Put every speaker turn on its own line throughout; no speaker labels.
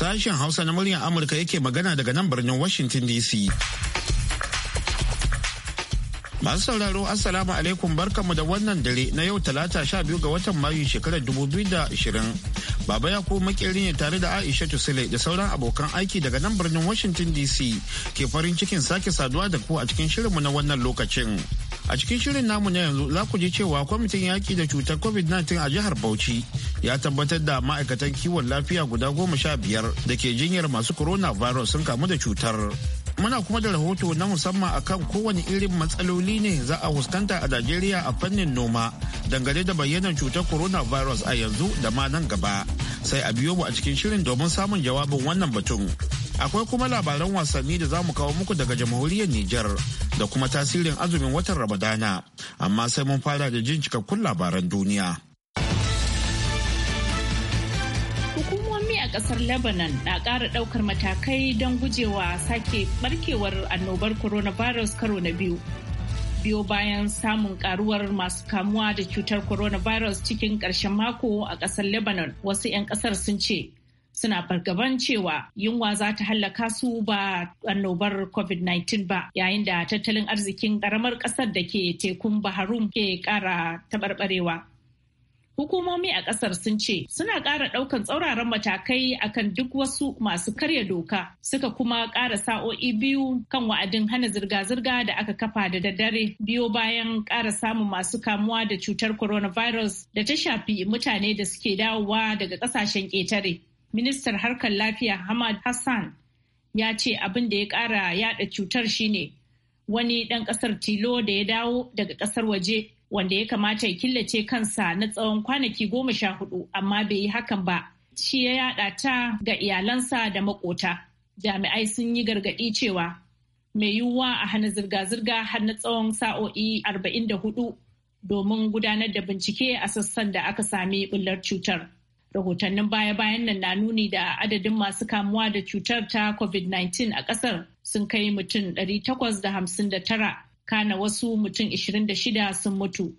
Sashen Hausa na muryar Amurka yake magana daga nan birnin Washington DC. Masu sauraro Assalamu alaikum barkamu da wannan dare na yau talata sha biyu ga watan Mayu shekarar dubu biyu da ashirin. Baba ya Yakubu makeri ne tare da Aisha Tusile da sauran abokan aiki daga nan birnin Washington DC ke farin cikin sake saduwa da ku a cikin shirinmu na wannan lokacin. A cikin shirin namu na yanzu za ku ji cewa kwamitin yaƙi da cutar COVID-19 a jihar Bauchi ya tabbatar da ma'aikatan kiwon lafiya guda goma sha biyar da ke jinyar masu coronavirus sun kamu da cutar. Muna kuma da rahoto na musamman akan kowane irin matsaloli ne za a fuskanta a Najeriya a fannin noma dangane da bayyanar cutar coronavirus a yanzu da ma nan gaba. Sai a biyo mu a cikin shirin domin samun jawabin wannan batun. akwai kuma labaran wasanni da za mu kawo muku daga jamhuriyar Nijar da kuma tasirin azumin watan Ramadana, amma sai mun fara da jin cikakkun labaran duniya.
Hukumomi a ƙasar Lebanon na ƙara ɗaukar matakai don gujewa sake ɓarkewar annobar coronavirus karo na biyu. Biyo bayan samun karuwar masu kamuwa da cutar coronavirus cikin ƙarshen mako a ƙasar Lebanon, wasu 'yan ƙasar sun ce suna fargaban cewa yunwa za ta hallaka su ba annobar covid-19 ba yayin da tattalin arzikin karamar kasar da ke tekun baharum ke kara taɓarɓarewa hukumomi a kasar sun ce suna ƙara ɗaukar tsauraran matakai akan duk wasu masu karya doka suka kuma ƙara sa'o'i biyu kan wa'adin hana zirga-zirga da aka kafa da daddare biyo bayan ƙara samun masu kamuwa da cutar coronavirus da ta shafi mutane da suke dawowa daga ƙasashen ƙetare ministar harkar lafiya hamad hassan ya ce abin da ya kara yada cutar shine wani dan kasar tilo da ya dawo daga kasar waje wanda ya kamata ya killace kansa na tsawon kwanaki goma sha hudu amma bai yi hakan ba shi ya yada ta ga iyalansa da makota jami'ai sun yi gargadi cewa mai yiwuwa a hana zirga-zirga har na tsawon sa'o'i arba'in da 44 domin gudanar da bincike a sassan da aka sami bullar cutar. rahotannin baya-bayan nan na nuni da adadin masu kamuwa da cutar ta covid-19 a kasar sun kai mutum 859 kana wasu mutum 26 sun mutu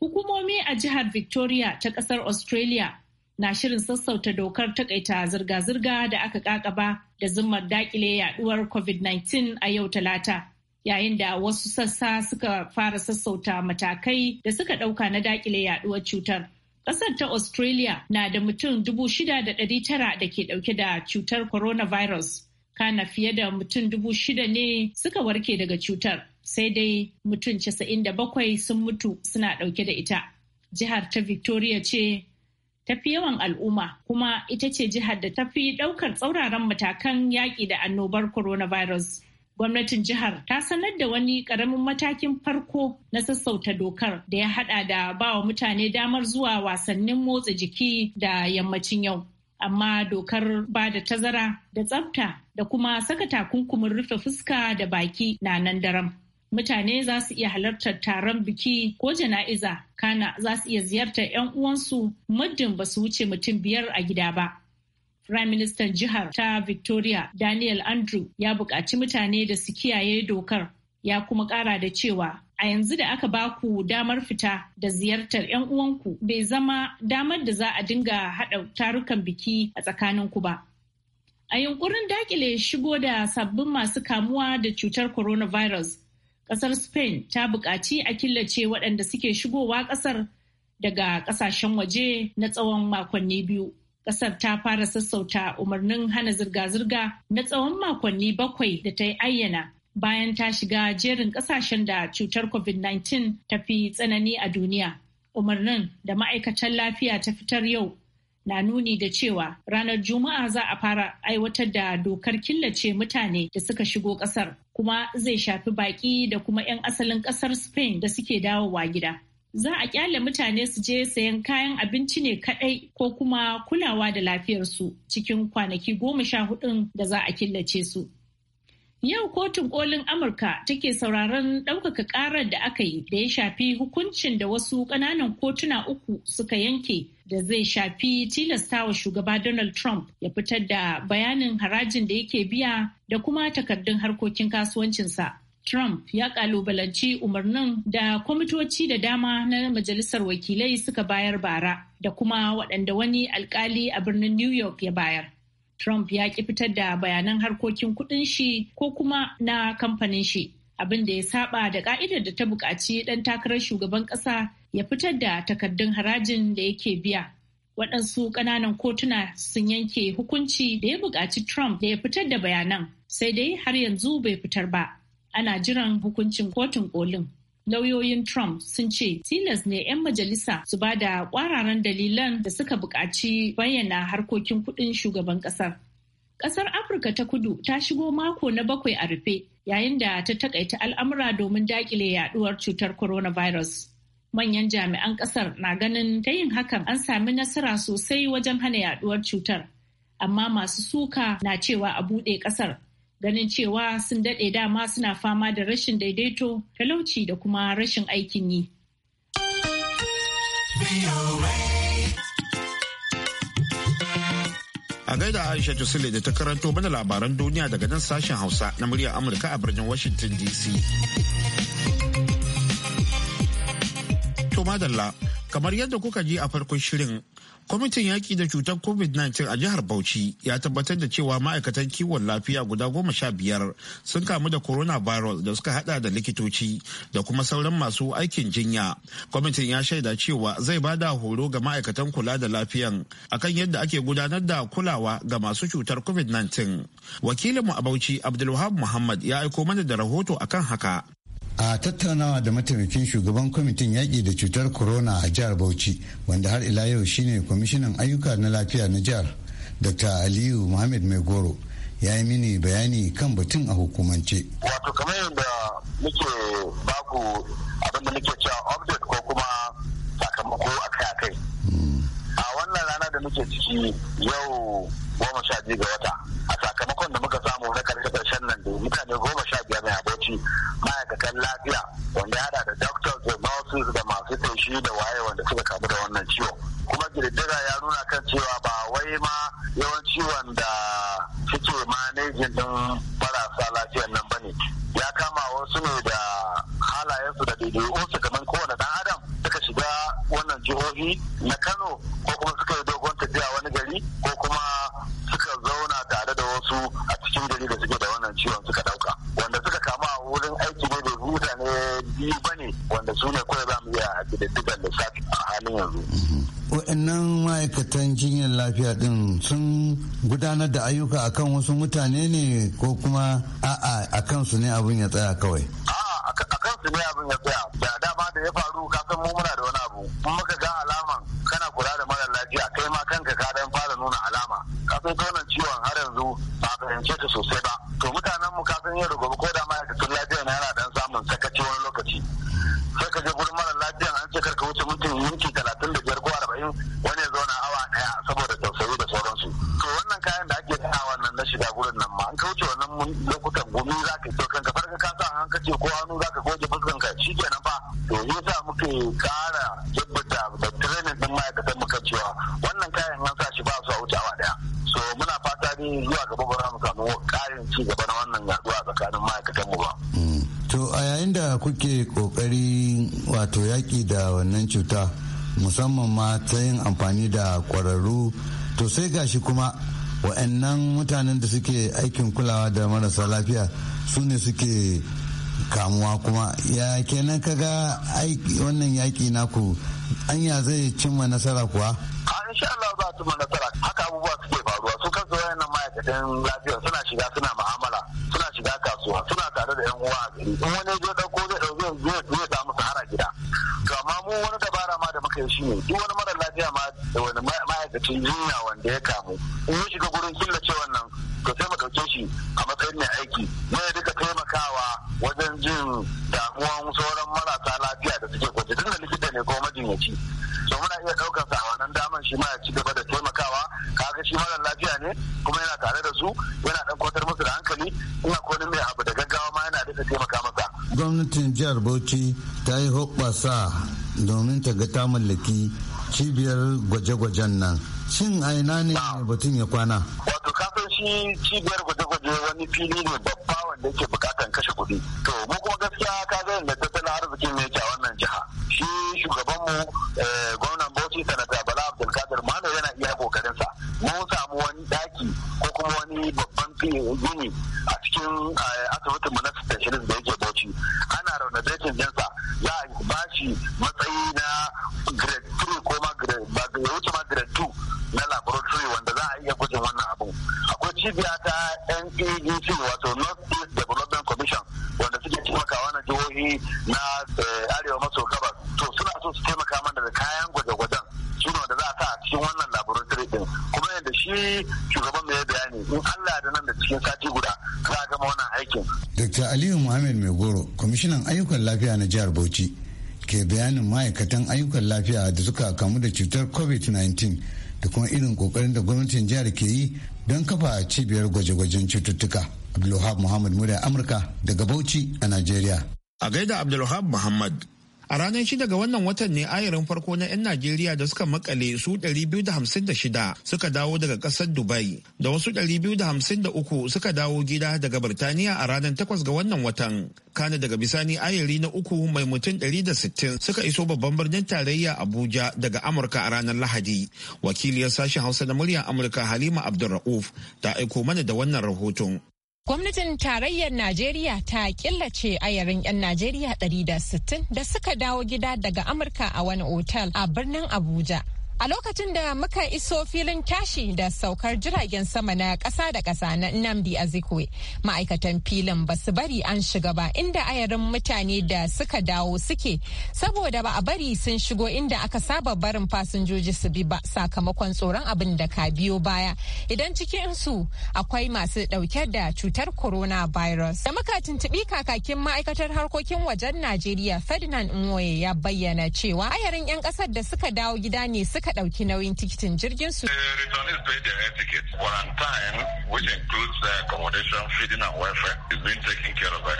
hukumomi a jihar victoria ta kasar australia na shirin sassauta dokar takaita zirga-zirga da aka kakaba da zimmar dakile yaduwar covid-19 a yau talata yayin da wasu sassa suka fara sassauta matakai da suka dauka na dakile yaduwar cutar Ƙasar ta Australia na da mutum dubu shida da ɗari tara da ke ɗauke da cutar coronavirus. Kana fiye da mutum dubu shida ne suka warke daga cutar, sai dai mutum casa'in da bakwai sun mutu suna ɗauke da ita. Jihar ta Victoria ce tafi yawan al'umma kuma ita ce jihar da tafi ɗaukar tsauraran matakan yaƙi da annobar coronavirus. gwamnatin jihar ta sanar da wani karamin matakin farko na sassauta dokar da ya hada da ba wa mutane damar zuwa wasannin motsa jiki da yammacin yau amma dokar ba da tazara da tsafta da kuma saka takunkumin rufe fuska da baki na nan daram mutane za su iya halartar taron biki ko jana'iza kana za su iya ziyartar 'yan uwansu muddin ba su wuce mutum biyar a gida ba Prime Minister jihar ta Victoria Daniel Andrew ya buƙaci mutane da su kiyaye dokar ya kuma ƙara da cewa a yanzu da aka ba ku damar fita da ziyartar 'yan uwanku bai zama damar da za a dinga haɗa tarukan biki a tsakaninku ba. A yunkurin dakile shigo da sabbin masu kamuwa da cutar coronavirus, ƙasar Spain ta buƙaci a killace waɗanda suke shigowa ƙasar daga ƙasashen waje na tsawon makonni biyu. kasar ta fara sassauta umarnin hana zirga-zirga na tsawon makonni bakwai da ta yi ayyana bayan ta shiga jerin kasashen da cutar covid-19 ta fi tsanani a duniya umarnin da ma'aikatan lafiya ta fitar yau na nuni da cewa ranar juma'a za a fara aiwatar da dokar killace mutane da suka shigo kasar kuma zai shafi baƙi da kuma 'yan asalin kasar spain da suke dawowa gida za a kyale mutane su je sayan kayan abinci ne kadai ko kuma kulawa da lafiyarsu cikin kwanaki goma sha hudun da za a killace su. Yau kotun kolin Amurka take sauraron ɗaukaka ƙarar da aka yi da ya shafi hukuncin da wasu ƙananan kotuna uku suka yanke da zai shafi tilastawa shugaba Donald Trump ya fitar da bayanin harajin da yake biya da kuma takardun harkokin kasuwancinsa. Trump ya kalubalanci umarnin da kwamitoci da dama na Majalisar Wakilai suka bayar bara da kuma waɗanda wani alkali a birnin New York ya bayar. Trump ya ki fitar da bayanan harkokin kuɗin shi ko kuma na kamfanin shi, abin da ya saba da ka'idar da ta buƙaci ɗan takarar shugaban ƙasa ya fitar da takardun harajin da yake biya. Waɗansu ƙananan kotuna sun yanke hukunci da ya buƙaci Trump da ya fitar da bayanan, sai dai har yanzu bai fitar ba. ana jiran hukuncin kotun kolin. lauyoyin Trump sun ce tilas ne 'yan majalisa su ba da kwararan dalilan da suka buƙaci bayyana harkokin kuɗin shugaban ƙasar. Ƙasar Afirka ta kudu ta shigo mako na bakwai a rufe yayin da ta takaita al'amura domin daƙile yaɗuwar cutar coronavirus. Manyan jami'an ƙasar na ganin ta yin hakan an sami nasara sosai wajen hana yaɗuwar cutar. Amma masu suka na cewa a buɗe ƙasar ganin cewa sun daɗe dama suna fama da rashin daidaito talauci da kuma rashin aikin yi.
A gaida Aisha Tusile da ta karanto mana labaran duniya daga nan sashen Hausa na muryar Amurka a birnin Washington DC. madalla kamar yadda kuka ji a farkon shirin kwamitin yaƙi da cutar covid-19 a jihar bauchi ya tabbatar da cewa ma'aikatan kiwon lafiya guda goma sha biyar sun kamu da coronavirus da suka hada da likitoci da kuma sauran masu aikin jinya kwamitin ya shaida cewa zai ba da horo ga ma'aikatan kula da lafiyan akan yadda ake gudanar da kulawa ga masu cutar covid-19 wakilinmu a bauchi abdulwahab muhammad ya aiko mana da rahoto akan haka
a tattaunawa da mataimakin shugaban kwamitin yaƙi da cutar corona a jihar bauchi wanda har ila yau shine kwamishinan ayyuka na lafiya na jihar dr aliyu muhammad mai goro ya yi mini bayani kan batun a hukumance wato kamar yadda muke baku abin da muke cewa update ko kuma sakamako a kai a wannan rana da muke ciki yau goma sha biyu ga
wata a sakamakon da muka samu na karshe karshen nan da mutane goma sha biyar ne a bauchi ma'aikatan lafiya wanda ya hada da doctors da nurses da masu feshi da waye wanda suka kamu da wannan ciwo kuma girgiza ya nuna kan cewa ba wai ma yawanci wanda suke manejin din marasa lafiyan nan bane ya kama wasu ne da halayensu da su kamar kowane dan adam suka shiga wannan jihohi na kano
ma'aikatan jinyar lafiya din sun gudanar da ayyuka akan wasu mutane ne ko kuma a'a akan su ne abin ya tsaya kawai
dutse ko hannu za ka goge fuskan ka shi kenan ba to sa muke kara jabbata da training din ma'aikatan mu kan cewa wannan kayan an sa shi ba su a wuce awa daya so muna fata ne zuwa gaba ba za mu samu karin ci gaba na wannan yaduwa tsakanin ma'aikatan mu ba.
Mm. to a yayin da kuke kokari wato yaki da wannan cuta musamman ma ta yin amfani da kwararru to sai gashi kuma wa'annan mutanen da suke aikin kulawa da marasa lafiya su ne suke kamuwa kuma ya kenan kaga wannan yaki naku anya zai cimma nasara kuwa a
insha Allah za su nasara haka abubuwa suke faruwa su kansu wayannan ma'aikatan lafiya suna shiga suna ma'amala suna shiga kasuwa suna tare da yan uwa a in wani zo dauko zai dauke zai zai samu sahara gida to amma mu wani dabara ma da muka yi shine duk wani mara lafiya ma da wani ma'aikacin jinya wanda ya kamu in shiga gurin killa cewa
gwamnatin jihar bauchi ta yi hoɓɓasa domin ta ga ta mallaki cibiyar gwaje-gwajen nan shin a ina ne batun ya kwana wato
kasan shi cibiyar gwaje-gwaje wani fili ne
kwamishinan ayyukan lafiya na jihar bauchi ke bayanin ma'aikatan ayyukan lafiya da suka kamu da cutar covid-19 da kuma irin kokarin da gwamnatin jihar ke yi don kafa cibiyar gwaje-gwajen cututtuka abdulwahab muhammad murya amurka daga bauchi a nigeria
a gaida abdulwahab muhammad A ranar shi daga wannan watan ne ayarin farko na 'yan Najeriya da suka makale su 256 suka dawo daga kasar Dubai da wasu 253 suka dawo gida daga Birtaniya a ranar 8 ga wannan watan. Kana daga bisani ayari na uku mai mutum 160 suka iso babban birnin tarayya Abuja daga Amurka a ranar Lahadi. Wakiliyar sashen Hausa na muryar Amurka Halima Abdulra'uf ta aiko mana da wannan rahoton.
Gwamnatin tarayyar Najeriya ta killace ayarin 'yan Najeriya 160 da suka dawo gida daga Amurka a wani otal a birnin Abuja. A lokacin da muka iso filin tashi da saukar jiragen sama na ƙasa da ƙasa na Nnamdi Azikwe, ma'aikatan filin ba su bari an shiga ba inda ayarin mutane da suka dawo suke saboda ba a bari sun shigo inda aka saba barin fasinjoji su bi ba sakamakon tsoron abin da ka biyo baya idan cikin su akwai masu ɗauke da cutar corona virus Da muka tuntuɓi kakakin ma'aikatar harkokin wajen Najeriya Ferdinand Nwoye ya bayyana cewa ayarin 'yan ƙasar da suka dawo gida ne suka aka ɗauki nauyin tikitin jirgin su. Eh,
which includes the uh, accommodation, feeding and welfare, is being taken care
of by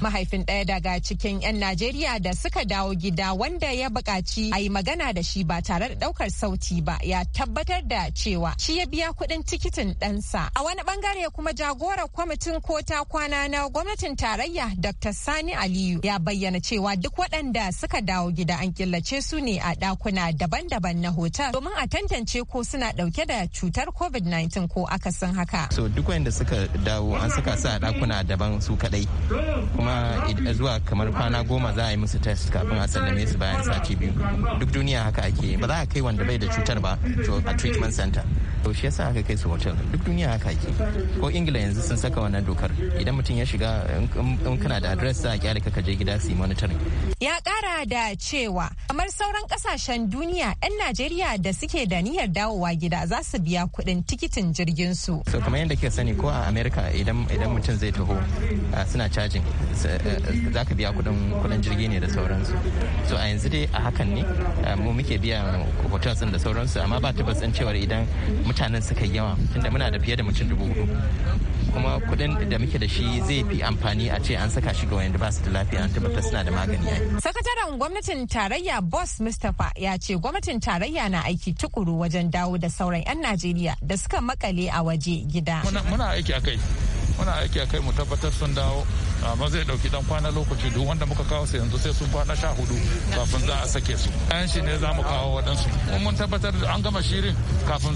mahaifin ɗaya daga cikin 'yan Najeriya da suka dawo gida wanda ya buƙaci a yi magana da shi ba tare da ɗaukar sauti ba ya tabbatar da cewa shi ya biya kuɗin tikitin ɗansa. A wani ɓangare kuma jagorar kwamitin ko ta kwana na gwamnatin tarayya Dr. Sani Aliyu ya bayyana cewa duk waɗanda suka dawo gida an killace su ne a ɗakuna daban-daban na hotel domin a tantance ko suna ɗauke da cutar COVID-19 ko akasin haka.
So duk wanda suka dawo an suka sa ɗakuna daban su kaɗai. kuma zuwa kamar kwana goma za a yi musu test kafin a sallame su bayan sati biyu duk duniya haka ake ba za a kai wanda bai da cutar ba a treatment center to shi yasa aka kai su hotel duk duniya haka ake ko ingila yanzu sun saka wannan dokar idan mutum ya shiga in kana da address za a kyale ka je gida su monitoring ya kara da
cewa kamar sauran kasashen duniya yan najeriya da suke da niyyar dawowa gida za su biya kuɗin tikitin jirgin su so kamar
yadda kika sani ko a america idan idan mutum zai taho suna cajin Eh, za ka biya kudin jirgi ne da sauransu so a yanzu dai a hakan ne eh, mu muke biya hotels da sauransu amma ba ta ɗin cewar idan mutanen suka yi yawa tunda muna da fiye da mutum dubu hudu kuma kuɗin da muke da shi zai fi amfani a ce an saka shi ga wayanda ba su da lafiya an tabbatar suna da magani
sakataren gwamnatin tarayya boss mustapha ya ce gwamnatin tarayya na aiki tukuru wajen dawo da sauran 'yan najeriya da suka makale a waje gida muna
aiki akai muna aiki a kai mu tabbatar sun dawo amma zai dauki dan kwana lokaci duk wanda muka kawo su yanzu sai sun kwana sha hudu kafin za a sake su ɗan shi ne za mu kawo waɗansu kuma mun tabbatar an gama shirin kafin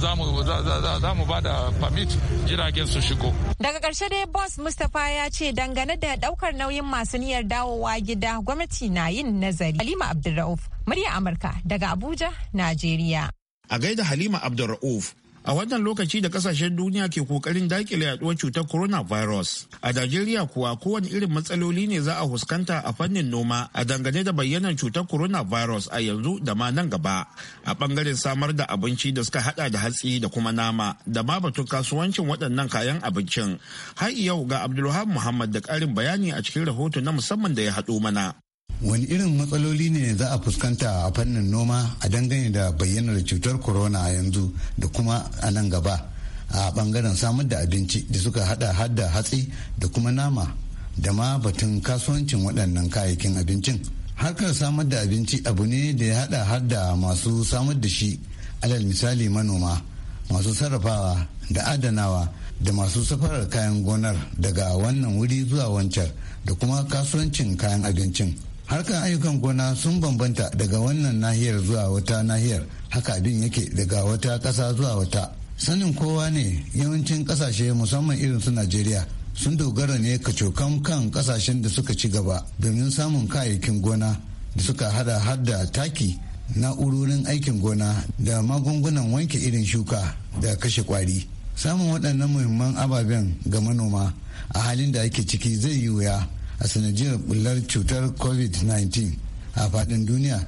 za mu ba da permit jiragen su shigo
daga karshe dai boss mustapha ya ce dangane da daukar nauyin masu niyyar dawowa gida gwamnati na yin nazari halima abdulrauf murya amurka daga abuja najeriya
a gaida halima abdulrauf A wannan lokaci da kasashen duniya ke kokarin dakile yaduwar cutar coronavirus, a Najeriya kuwa kowane irin matsaloli ne za a huskanta a fannin noma a dangane da bayyanar cutar coronavirus a yanzu da ma nan gaba. A bangaren samar da abinci da suka hada da hatsi da kuma nama da ma batun kasuwancin waɗannan kayan abincin. Har yau ga Abdulwahab Muhammad da ƙarin bayani a cikin rahoto na musamman da ya haɗo mana.
wani irin matsaloli ne za a fuskanta a fannin noma a dangane da bayyanar cutar corona a yanzu da kuma a nan gaba a bangaren samar da abinci da suka hada hada hatsi da kuma nama da ma batun kasuwancin waɗannan kayayyakin abincin harkar samar da abinci abu ne da ya hada hada masu samar da shi alal misali manoma masu sarrafawa da adanawa da masu safarar kayan gonar daga wannan wuri zuwa wancan da kuma kasuwancin kayan abincin harkar ayyukan gona sun bambanta daga wannan nahiyar zuwa wata nahiyar haka abin yake daga wata ƙasa zuwa wata sanin kowa ne yawancin ƙasashe musamman irin su najeriya sun dogara ne kacokan kan ƙasashen da suka ci gaba domin samun kayayyakin gona da suka hada har da taki na'urorin aikin gona da magungunan wanke irin shuka da kashe kwari samun waɗannan muhimman ababen ga manoma a halin da ake ciki zai yi wuya a sanadiyar bullar cutar covid-19 a faɗin duniya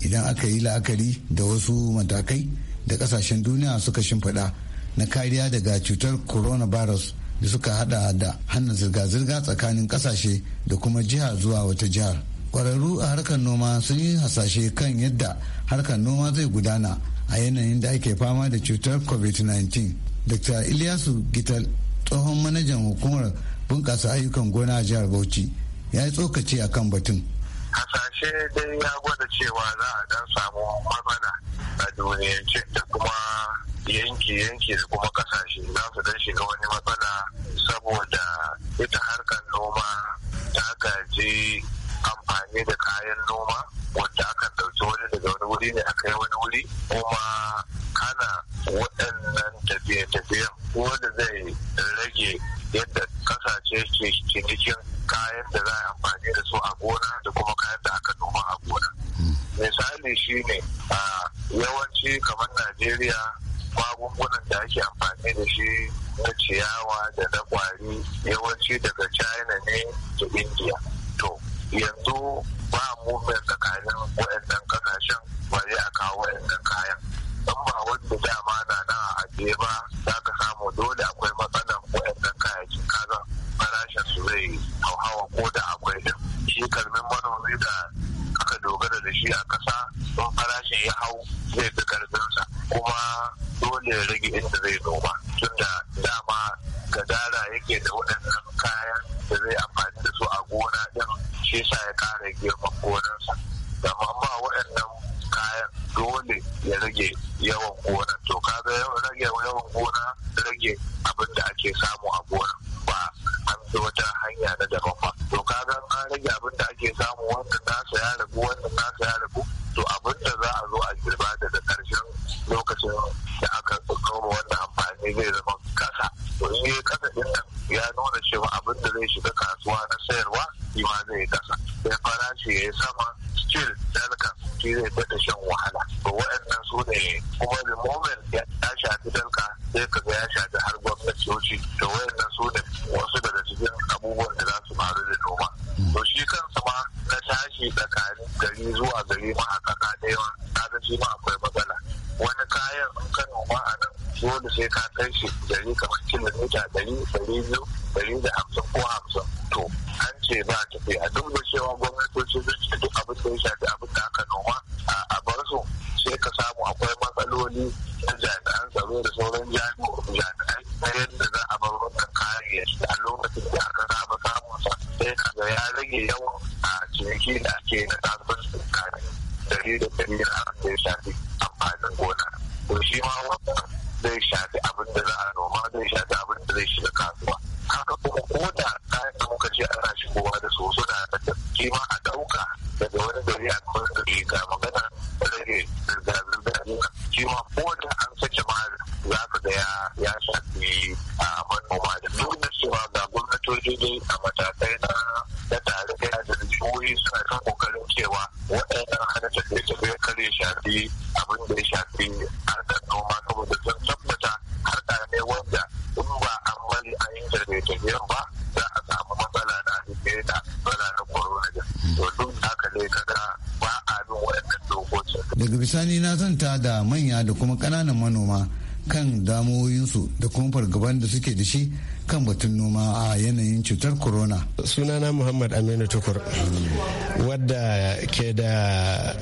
idan aka yi la'akari da wasu matakai da kasashen duniya suka shimfiɗa na kariya daga cutar coronavirus da suka hada da hana zirga-zirga tsakanin kasashe da kuma jiha zuwa wata jihar kwararru a harkar noma sun yi hasashe kan yadda harkar noma zai gudana a yanayin da ake fama da cutar covid-19 dr iliasu gital tsohon manajan hukumar bunƙasa ayyukan gona a jihar bauchi ya yi tsokaci a kan batun hasashe dai ya gwada
cewa za a dan samu matsala a duniyance da kuma yanki-yanki da kuma kasashe za su dan shiga wani matsala saboda ita harkar noma ta gaji amfani da kayan noma Wanda aka ɗauki wani daga wani wuri ne aka yi wani wuri kuma kana waɗannan tafiye-tafiyen wanda zai rage yadda kasashe ke cikin kayan da za a amfani da su a gona da kuma kayan da aka noma a gona. Misali shi ne a yawanci kamar Najeriya magungunan da ake amfani da shi na ciyawa da na kwari yawanci daga China ne da India. To, yanzu ba mu mai tsakanin waɗannan kasashen ba zai a kawo waɗannan kayan don ba wanda dama na na ajiye ba za ka samu dole akwai matsala da magana rage zirga-zirga ne shi
sani na zanta da manya da kuma ƙananan manoma kan damuwoyinsu da kuma fargaban da suke da shi kan batun noma a yanayin cutar corona. sunana muhammad aminu tukur wadda ke da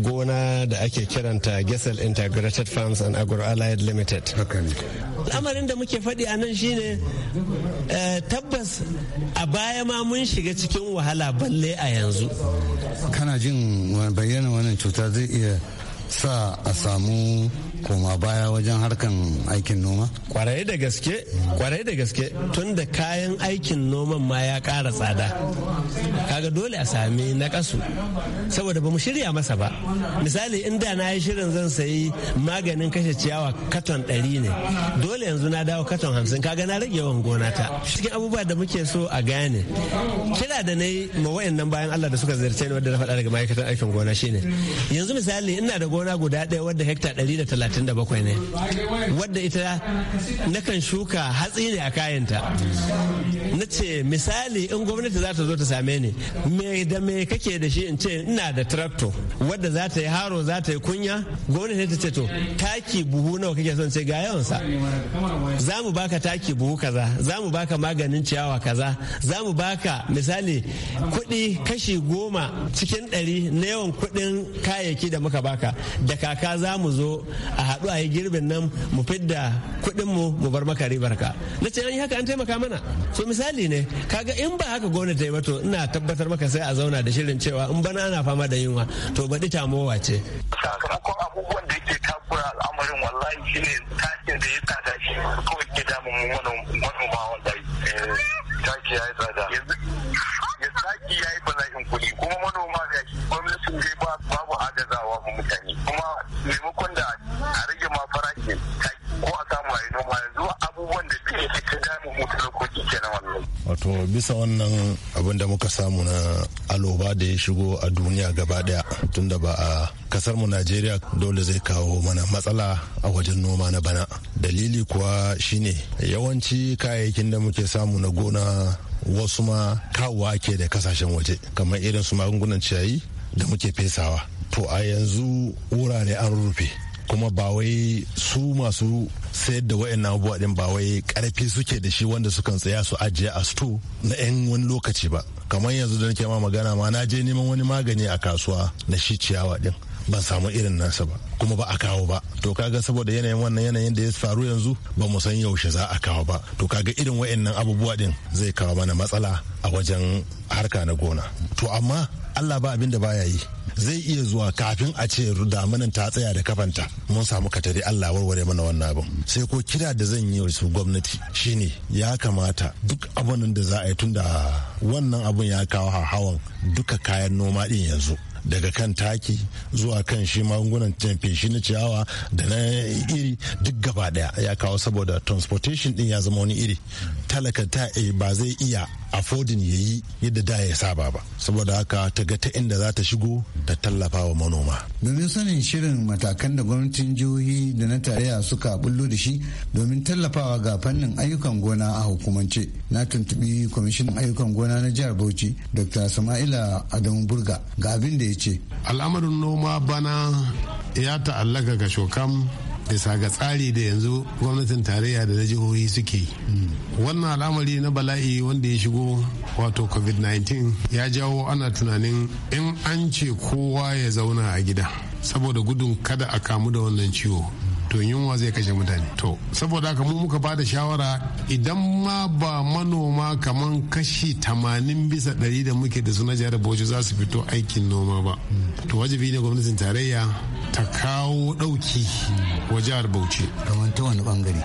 gona da ake kiranta gesel integrated farms and agro-allied limited al'amarin da muke faɗi a nan shine eh, tabbas a baya ma mun shiga cikin wahala balle a
yanzu
kana jin bayyana wannan cuta zai iya sa a samu koma baya wajen harkan aikin noma kwarai da gaske kwarai da gaske tun da kayan aikin noman ma
ya kara tsada kaga dole a sami na kasu saboda ba mu shirya masa ba misali inda na yi shirin zan sayi maganin kashe ciyawa katon ɗari ne dole yanzu na dawo katon hamsin kaga na rage yawan gona ta cikin abubuwa da muke so a gane kira da na yi ma nan bayan Allah da suka ziyarce ni wadda na faɗa daga ma'aikatan aikin gona shine yanzu misali ina da gona guda ɗaya wadda hekta ɗari da talatin 37 ne wadda ita nakan shuka hatsi ne a kayanta na ce misali in gwamnati za ta zo ta same ni me da me kake da shi in ce ina da tractor wadda za ta yi haro za ta yi kunya gwamnati ta ce to taki buhu nawa kake son ce ga yawansa za mu baka taki buhu kaza za mu baka maganin ciyawa kaza za mu baka misali kuɗi kashi goma cikin ɗari na yawan kuɗin kayayyaki da muka baka da kaka za mu zo a haɗu a yi girbin nan mu fidda kuɗin mu mu bar maka ribar ka na ce an yi haka an taimaka mana so misali ne kaga in ba haka gona ta yi to ina tabbatar maka sai a zauna da shirin cewa in bana ana fama da yunwa to baɗi tamowa ce sakamakon abubuwan
da yake takura al'amarin wallahi shine takin da ya tsada shi kawai ke damun manoma wallahi eh, taki ya yi tsada taki ya yi bala'in kuɗi kuma manoma shi gwamnatin ba babu agazawa mu mutane kuma maimakon da noma yanzu abubuwan da suke damu mutu kenan wannan.
Wato bisa wannan abin da muka samu na aloba da ya shigo a duniya gaba daya tunda ba a kasar mu Najeriya dole zai kawo mana matsala a wajen noma na bana. Dalili kuwa shine yawanci kayayyakin da muke samu na gona wasu ma kawowa ke da kasashen waje kamar irin su magungunan ciyayi da muke fesawa. To a yanzu wurare an rufe kuma ba wai su masu sayar da wa'in abubuwa din ba wai karfi suke da shi wanda sukan tsaya su ajiye a sto na 'yan wani lokaci ba kamar yanzu da nake ma magana ma na je neman wani magani a kasuwa na shi ciyawa din ban samu irin nasa ba kuma ba a kawo ba to kaga saboda yanayin wannan yanayin da ya faru yanzu ba mu san yaushe za a kawo ba to kaga irin wayannan abubuwa din zai kawo mana matsala a wajen harka na gona to amma Allah ba abin da baya yi zai iya zuwa kafin a ce damanan ta tsaya da kafanta mun samu katari Allah warware mana wannan abin sai ko kira da zan yi su gwamnati shine ya kamata duk abin da za a yi tunda wannan abun ya kawo hawan duka kayan noma din yanzu daga kan taki zuwa kan shi magungunan feshi na ciyawa da na iri duk gaba daya ya kawo saboda transportation din ya zama wani iri talaka ta eh, ba zai iya afodin ya yi yadda da ya saba ba saboda haka ta ga ta inda za ta shigo da tallafa wa manoma
domin sanin shirin matakan da gwamnatin jihohi da na tarayya suka bullo da shi domin tallafawa ga fannin ayyukan gona a hukumance na tuntubi kwamishin ayyukan gona na jihar bauchi dr sama'ila adamu burga ga abin da ya ce al'amarin
noma bana ya ta'allaka ga shokam bisa ga tsari da yanzu gwamnatin tarayya da na jihohi suke yi wannan al'amari na bala'i wanda ya shigo wato covid-19 ya jawo ana tunanin in an ce kowa ya zauna a gida saboda gudun kada a kamu da wannan ciwo to yunwa zai kashe mutane to saboda haka mu muka bada shawara idan ma ba manoma kaman kashi tamanin bisa ɗari da muke da suna jihar Bauchi za su fito aikin noma ba to wajibi ne gwamnatin tarayya ta kawo ɗauki wa jihar Bauchi kamar ta wani bangare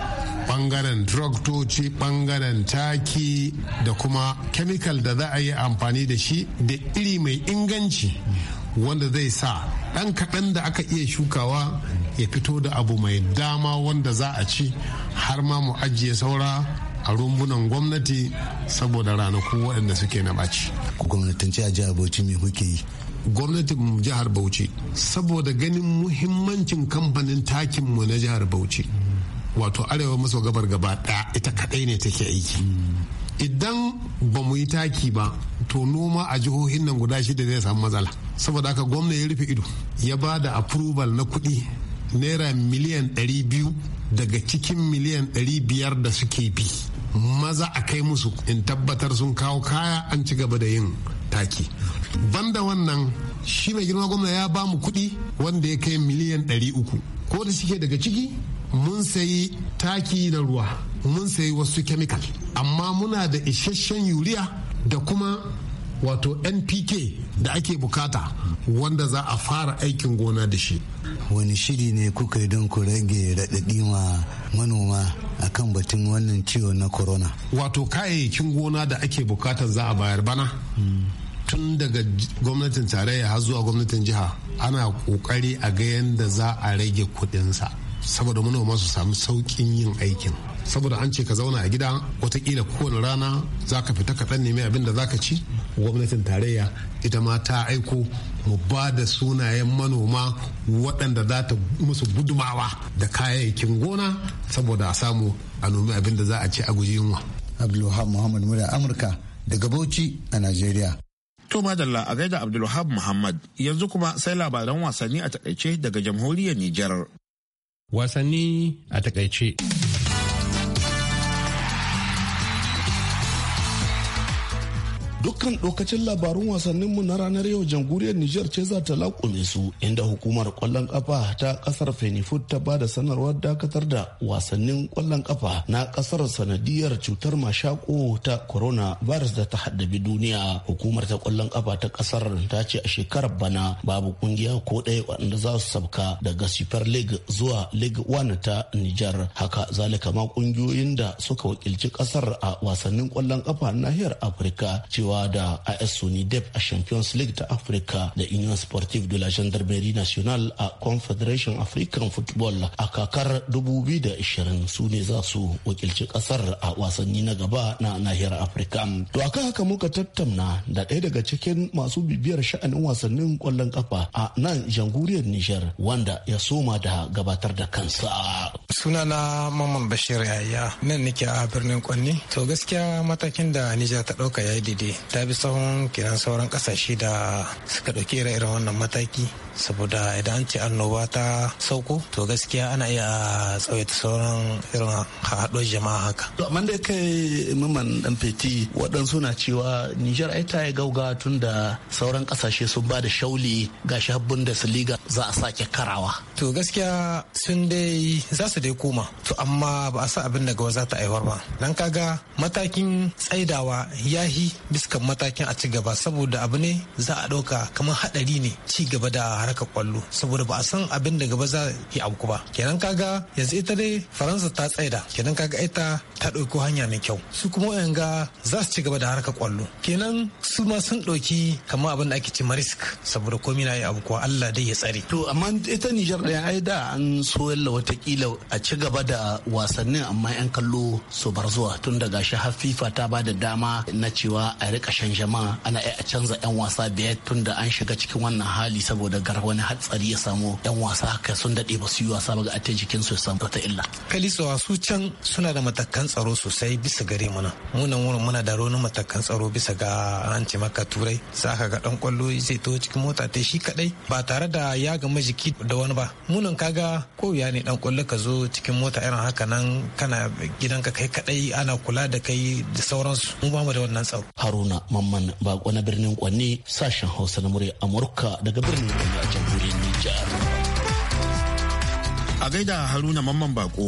bangaren traktoci bangaren taki da kuma kemikal da za a yi amfani da shi da iri mai inganci wanda zai sa ɗan kaɗan da aka iya shukawa ya fito da abu mai dama wanda za a ci har ma mu ajiye saura a rumbunan gwamnati saboda ranaku waɗanda suke na ɓaci. ku gwamnatance a jihar bauchi me kuke yi gwamnatin jihar bauchi saboda ganin muhimmancin kamfanin takinmu na jihar bauchi wato arewa maso gabar gaba ɗaya ita kaɗai ne take aiki idan ba mu yi taki ba to noma a jihohin nan guda shida zai samu matsala saboda haka gwamna ya rufe ido ya ba da approval na kuɗi naira miliyan 200 daga cikin miliyan 500 da suke bi maza a kai musu in tabbatar sun kawo kaya an ci gaba da yin taki banda wannan shi mai girma gwamna ya ba mu kuɗi wanda ya kai miliyan 300 ko da suke daga ciki mun sayi taki na ruwa mun sayi wasu kemikal amma muna da isasshen yuriya da kuma wato npk da ake bukata wanda za a fara
aikin gona da shi wani shiri ne kuka yi don ku rage raɗaɗi ma manoma akan batun wannan ciwo na corona
wato kayayyakin gona da ake bukata za a bayar bana tun daga gwamnatin tarayya har zuwa gwamnatin jiha ana kokari a ga yadda za a rage kudinsa saboda manoma su samu sauƙin yin aikin saboda an ce ka zauna a gida watakila kowane rana za ka fita kaɗan nemi abin da za ka ci gwamnatin tarayya ita ma ta aiko mu ba da sunayen manoma waɗanda za ta musu gudumawa da kayayyakin gona saboda
a samu a nomi abin da za a ci a guji yunwa. Abdulwahab Muhammad Murya Amurka daga Bauchi a Najeriya.
To madalla a gaida Abdulwahab Muhammad yanzu kuma sai labaran wasanni a takaice daga jamhuriyar Nijar.
Wasanni a takaice.
dukkan lokacin labarun wasanninmu na ranar yau jamhuriyar Nijar ce za ta laƙume su inda hukumar kwallon kafa ta kasar Fenifut ta ba da sanarwar dakatar da wasannin kwallon kafa na kasar sanadiyar cutar mashako ta corona virus da ta haddabi duniya. Hukumar ta kwallon kafa ta kasar ta ce a shekarar bana babu kungiya ko ɗaya waɗanda za su sabka daga Super League zuwa League One ta Nijar. Haka zalika ma kungiyoyin da suka wakilci kasar a wasannin kwallon kafa nahiyar Afirka cewa karawa da AS Sonidep a Champions League ta Africa da Union Sportive de la Gendarmerie Nationale a Confederation African Football a kakar 2020 su ne za su wakilci kasar a wasanni na gaba na nahiyar Afirka. To akan haka muka tattauna da ɗaya daga cikin masu bibiyar sha'anin wasannin kwallon kafa a nan jamhuriyar Nijar wanda ya soma da gabatar da kansa.
Sunana Maman Bashir Yaya nan nake a birnin Kwanni. To gaskiya matakin da Nijar ta ɗauka ya yi daidai ta bi sahun kiran sauran kasashe da suka ɗauki ire-iren wannan mataki saboda idan an ce annoba ta sauko to gaskiya ana iya tsawaita sauran irin haɗo jama'a haka.
To amma da kai maman dan feti waɗansu na cewa Nijar ai ta yi gauga tun da sauran ƙasashe sun ba da shauli ga shabbun da
liga za a sake karawa. To gaskiya sun dai za su dai koma to amma ba a sa abin da gaba za ta aiwar ba. Dan kaga matakin tsaidawa yahi biskan matakin a ci gaba saboda abu ne za a ɗauka kamar haɗari ne ci gaba da harkar kwallo saboda ba a san abin da gaba za yi auku ba kenan kaga yanzu ita dai faransa ta tsaida kenan kaga ita ta ɗauko hanya mai kyau su kuma wayan ga za su ci gaba da harkar kwallo kenan su ma sun ɗauki kamar abin da ake ci marisk saboda komai na yi abu kuwa Allah dai ya tsare to amma ita Nijar ɗaya ai da an so yalla watakila a ci gaba da
wasannin amma yan kallo su bar zuwa tun daga shi har FIFA ta ba da dama na cewa a rika shan jama'a ana a canza yan wasa biyar tun da an shiga cikin wannan hali saboda gar wani hatsari ya samu yan wasa haka sun daɗe ba su yi wasa ba ga a jikin su samu wata illa.
kalisa su can suna da matakan tsaro sosai bisa gare muna. munan wurin muna da ronin matakan tsaro bisa ga an ce maka turai saka ga ɗan kwallo zai to cikin mota ta shi kaɗai ba tare da ya gama jiki da wani ba. munan kaga ko ya ne ɗan kwallo ka zo cikin mota irin haka nan kana ka kai kaɗai ana kula da kai da sauransu. Mu ba mu da wannan tsaro. Haruna
Mamman Bako na birnin Kwanne sashen Hausa na murya Amurka daga birnin Kwanne. a jamhuriyar
Nijar. A gaida Haruna Mamman Bako,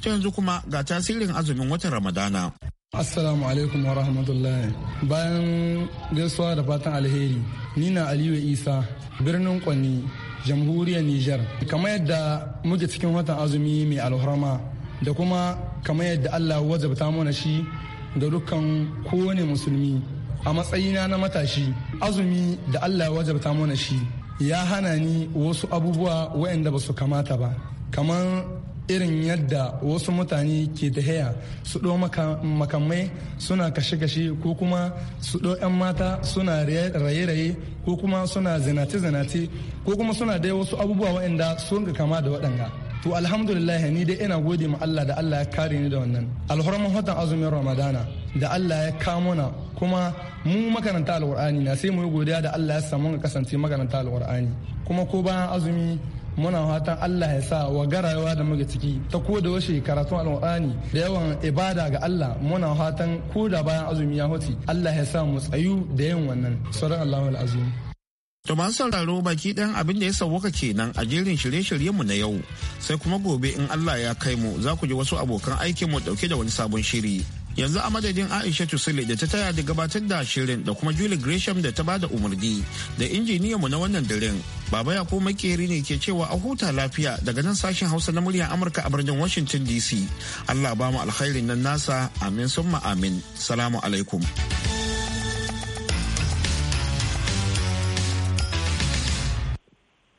ta yanzu kuma ga tasirin azumin watan Ramadana.
Assalamu alaikum wa rahmatullahi. Bayan gaisuwa da fatan alheri, ni na Aliyu Isa, birnin Kwanni, jamhuriyar Nijar. Kamar yadda muke cikin watan azumi mai alhurama da kuma kamar yadda Allah wajabta mana shi da dukkan kowane musulmi a matsayina na matashi azumi da Allah wajabta mana shi ya hana ni wasu abubuwa waɗanda ba su kamata ba kamar irin yadda wasu mutane ke ta haya su ɗo makamai suna kashe-kashe ko kuma su ɗo 'yan mata suna raye-raye ko kuma suna zinati zinati ko kuma suna dai wasu abubuwa waɗanda sun ga kama da waɗanga to alhamdulillah ni dai ina gode ma Allah da Allah ya kare ni da wannan alhurman watan azumin ramadana da Allah ya kamo na kuma mu makaranta alkur'ani na sai mu yi godiya da Allah ya samu ga kasance makaranta alkur'ani kuma ko bayan azumi muna fatan Allah ya sa wa garayewa da muke ciki ta ko da washe karatun alqur'ani da yawan ibada ga Allah muna fatan ko da bayan azumi ya huce Allah ya sa mu tsayu da yin wannan sauran Allahu azumi
To masu sauraro baki dan abin da ya sauka kenan a jerin shirye-shiryenmu na yau sai kuma gobe in Allah ya kai mu za ku ji wasu abokan aikin mu dauke da wani sabon shiri. yanzu a madadin aisha tusile da ta taya da gabatar da shirin da kuma julie gresham da ta ba da umarni da mu na wannan daren baba ya ko makeri ne ke cewa a huta lafiya daga nan sashen hausa na muryar amurka a birnin washington dc allah ba mu alkhairin nan nasa amin summa amin salamu alaikum